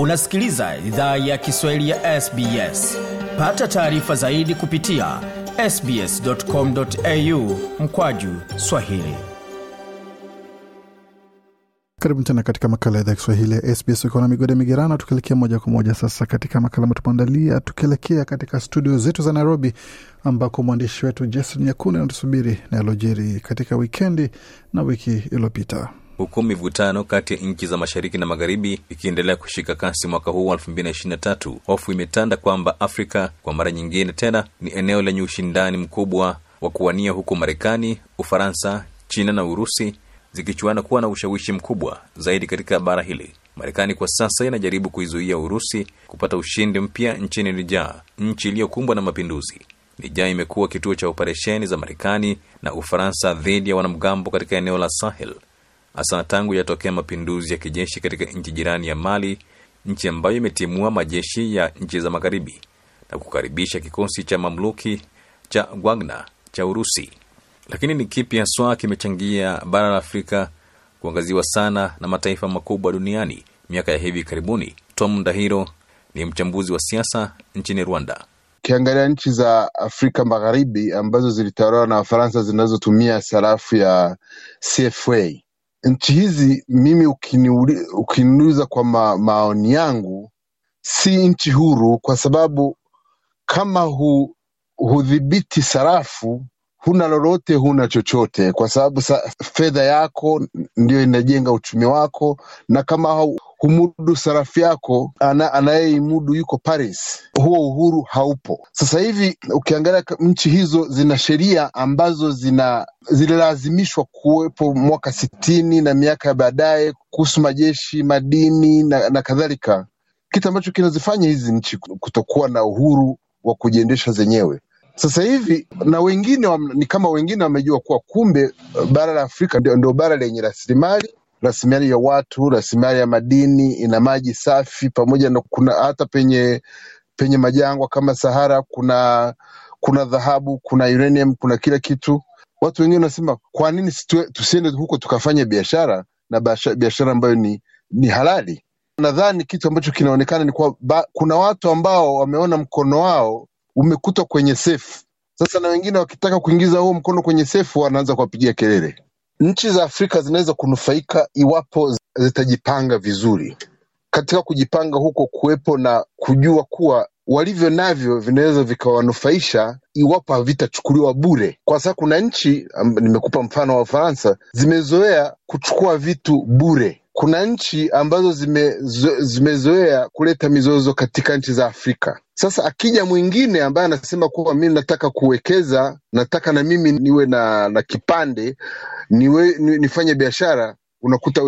unasikiliza idhaa ya kiswahili ya sbs pata taarifa zaidi kupitia sbscomau mkwaju swahili karibu tena katika makala ya idhaa ya kiswahili ya sbs ukiwa na migode migerano tukielekea moja kwa moja sasa katika makala matumeandalia tukielekea katika studio zetu za nairobi ambako mwandishi wetu jason nyakuni anatusubiri na yalojeri katika wikendi na wiki iliyopita huku mivutano kati ya nchi za mashariki na magharibi ikiendelea kushika kasi mwaka huu wa 2023 hofu imetanda kwamba afrika kwa mara nyingine tena ni eneo lenye ushindani mkubwa wa kuwania huku marekani ufaransa china na urusi zikichuana kuwa na ushawishi mkubwa zaidi katika bara hili marekani kwa sasa inajaribu kuizuia urusi kupata ushindi mpya nchini nijaa nchi iliyokumbwa na mapinduzi Nijaa imekuwa kituo cha operesheni za Marekani na Ufaransa dhidi ya wanamgambo katika eneo la Sahel hasa tangu yatokea mapinduzi ya kijeshi katika nchi jirani ya Mali, nchi ambayo imetimua majeshi ya nchi za magharibi na kukaribisha kikosi cha mamluki cha Wagner cha Urusi. Lakini ni kipi haswa kimechangia bara la Afrika kuangaziwa sana na mataifa makubwa duniani miaka ya hivi karibuni? Tom Ndahiro ni mchambuzi wa siasa nchini Rwanda. Ukiangalia nchi za Afrika Magharibi ambazo zilitawaliwa na Wafaransa zinazotumia sarafu ya CFA nchi hizi mimi ukiniuliza kwa ma, maoni yangu si nchi huru kwa sababu kama hu, hudhibiti sarafu huna lolote, huna chochote, kwa sababu fedha yako ndiyo inajenga uchumi wako, na kama kumudu sarafu yako, ana, anayeimudu yuko Paris. Huo uhuru haupo. Sasa hivi ukiangalia nchi hizo zina sheria ambazo zina zililazimishwa kuwepo mwaka sitini na miaka ya baadaye kuhusu majeshi, madini na, na kadhalika, kitu ambacho kinazifanya hizi nchi kutokuwa na uhuru wa kujiendesha zenyewe. Sasa hivi na wengine wa, ni kama wengine wamejua kuwa kumbe eh, bara la Afrika ndio bara lenye rasilimali rasilimali ya watu, rasilimali ya madini, ina maji safi pamoja na kuna hata penye penye majangwa kama Sahara kuna kuna dhahabu, kuna uranium, kuna kila kitu. Watu wengine wanasema kwa nini tusiende huko tukafanya biashara na biashara ambayo ni, ni halali. Nadhani kitu ambacho kinaonekana ni kwa ba, kuna watu ambao wameona mkono wao umekutwa kwenye sefu. Sasa na wengine wakitaka kuingiza huo mkono kwenye sefu wanaanza kuwapigia kelele. Nchi za Afrika zinaweza kunufaika iwapo zitajipanga vizuri. Katika kujipanga huko kuwepo na kujua kuwa walivyo navyo vinaweza vikawanufaisha iwapo havitachukuliwa bure, kwa sababu kuna nchi, nimekupa mfano wa Ufaransa, zimezoea kuchukua vitu bure kuna nchi ambazo zimezo, zimezoea kuleta mizozo katika nchi za Afrika. Sasa akija mwingine ambaye anasema kuwa mi nataka kuwekeza, nataka na mimi niwe na, na kipande niwe, nifanye biashara unakuta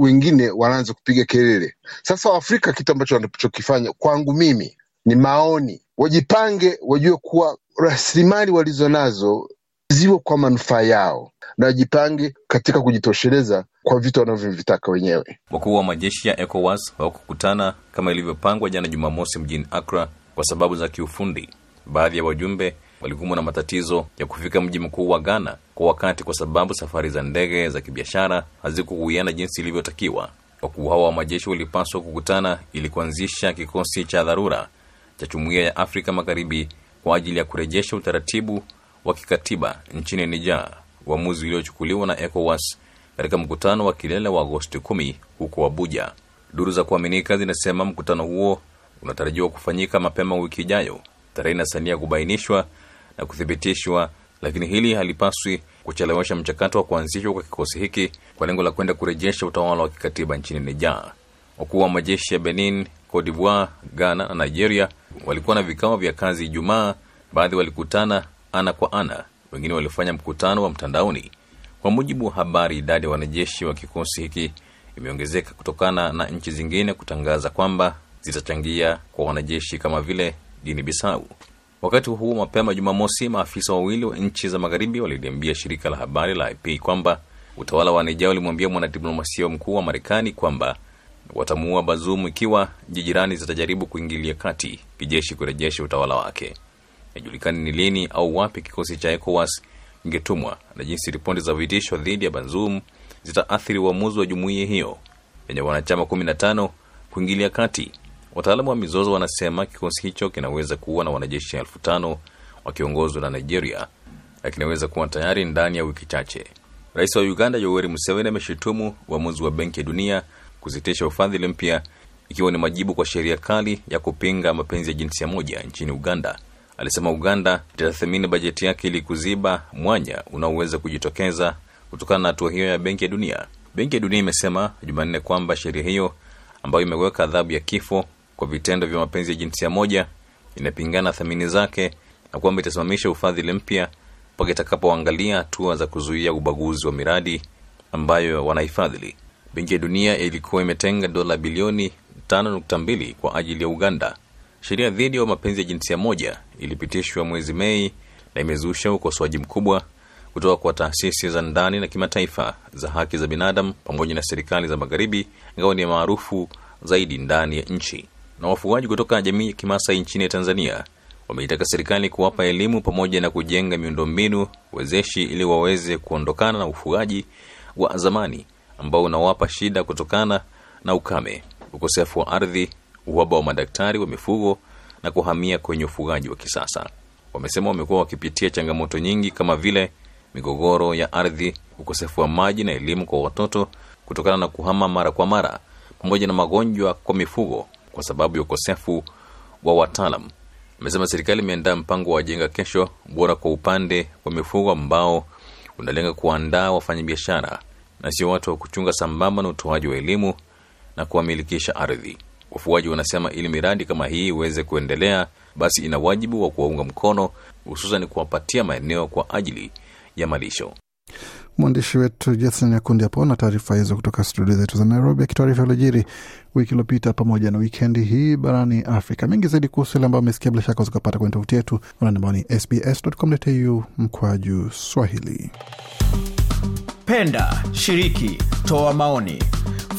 wengine wanaanza kupiga kelele. Sasa Waafrika, kitu ambacho wanachokifanya kwangu mimi ni maoni, wajipange, wajue kuwa rasilimali walizo nazo ziwe kwa manufaa yao, na wajipange katika kujitosheleza kwa vitu wanavyovitaka wenyewe. Wakuu wa majeshi ya ECOWAS hawakukutana kama ilivyopangwa jana Jumamosi mjini Accra kwa sababu za kiufundi. Baadhi ya wajumbe walikumbwa na matatizo ya kufika mji mkuu wa Ghana kwa wakati, kwa sababu safari za ndege za kibiashara hazikuwiana jinsi ilivyotakiwa. Wakuu hao wa majeshi walipaswa kukutana ili kuanzisha kikosi cha dharura cha Jumuiya ya Afrika Magharibi kwa ajili ya kurejesha utaratibu wa kikatiba nchini Niger, uamuzi uliochukuliwa na ECOWAS katika mkutano wa kilele wa Agosti 10 huko Abuja. Duru za kuaminika zinasema mkutano huo unatarajiwa kufanyika mapema wiki ijayo. Tarehe sania kubainishwa na kuthibitishwa, lakini hili halipaswi kuchelewesha mchakato wa kuanzishwa kwa kikosi hiki kwa lengo la kwenda kurejesha utawala wa kikatiba nchini nija Wakuu wa majeshi ya Benin, Cote d'Ivoire, Ghana na Nigeria walikuwa na vikao vya kazi Ijumaa. Baadhi walikutana ana kwa ana, wengine walifanya mkutano wa mtandaoni. Kwa mujibu wa habari, idadi ya wanajeshi wa kikosi hiki imeongezeka kutokana na nchi zingine kutangaza kwamba zitachangia kwa wanajeshi kama vile jini bisau Wakati huu mapema Jumamosi, maafisa wawili wa nchi za magharibi waliliambia shirika la habari la IP kwamba utawala wa nija ulimwambia mwanadiplomasia mkuu wa Marekani kwamba watamuua Bazoum ikiwa jijirani jirani zitajaribu kuingilia kati kijeshi kurejesha utawala wake. ajulikani ni lini au wapi kikosi cha ECOWAS ingetumwa na jinsi ripoti za vitisho dhidi ya banzum zitaathiri uamuzi wa jumuiya hiyo yenye wanachama 15 kuingilia kati. Wataalamu wa mizozo wanasema kikosi hicho kinaweza kuwa na wanajeshi 5 wakiongozwa na Nigeria na kinaweza kuwa tayari ndani ya wiki chache. Rais wa Uganda Yoweri Museveni ameshutumu uamuzi wa Benki ya Dunia kusitisha ufadhili mpya ikiwa ni majibu kwa sheria kali ya kupinga mapenzi ya jinsia moja nchini Uganda alisema Uganda itathamini bajeti yake ili kuziba mwanya unaoweza kujitokeza kutokana na hatua hiyo ya Benki ya Dunia. Benki ya Dunia imesema Jumanne kwamba sheria hiyo ambayo imeweka adhabu ya kifo kwa vitendo vya mapenzi ya jinsia moja inapingana thamini zake na kwamba itasimamisha ufadhili mpya mpaka itakapoangalia hatua za kuzuia ubaguzi wa miradi ambayo wanahifadhili Benki ya Dunia ilikuwa imetenga dola bilioni 5.2 kwa ajili ya Uganda Sheria dhidi ya mapenzi ya jinsia moja ilipitishwa mwezi Mei na imezusha ukosoaji mkubwa kutoka kwa taasisi za ndani na kimataifa za haki za binadamu pamoja na serikali za magharibi, ingawa ni maarufu zaidi ndani ya nchi. Na wafugaji kutoka jamii ya Kimasai nchini Tanzania wameitaka serikali kuwapa elimu pamoja na kujenga miundombinu wezeshi ili waweze kuondokana na ufugaji wa zamani ambao unawapa shida kutokana na ukame, ukosefu wa ardhi uhaba wa madaktari wa mifugo na kuhamia kwenye ufugaji wa kisasa. Wamesema wamekuwa wakipitia changamoto nyingi kama vile migogoro ya ardhi, ukosefu wa maji na elimu kwa watoto kutokana na kuhama mara kwa mara, pamoja na magonjwa kwa mifugo kwa sababu ya ukosefu wa wataalam. Amesema serikali imeandaa mpango wa Jenga Kesho Bora kwa upande wa mifugo ambao unalenga kuandaa wafanyabiashara na sio watu wa kuchunga, sambamba na utoaji wa elimu na kuwamilikisha ardhi. Wafuaji wanasema ili miradi kama hii iweze kuendelea, basi ina wajibu wa kuwaunga mkono, hususan kuwapatia maeneo kwa ajili ya malisho. Mwandishi wetu Jason Nyakundi hapo na taarifa hizo kutoka studio zetu za Nairobi, akitaarifa yaliyojiri wiki iliopita pamoja na wikendi hii barani Afrika. Mengi zaidi kuhusu ile ambayo amesikia, bila shaka uzikapata kwenye tovuti yetu ambao ni sbs.com.au mkwaju Swahili. Penda, shiriki, toa maoni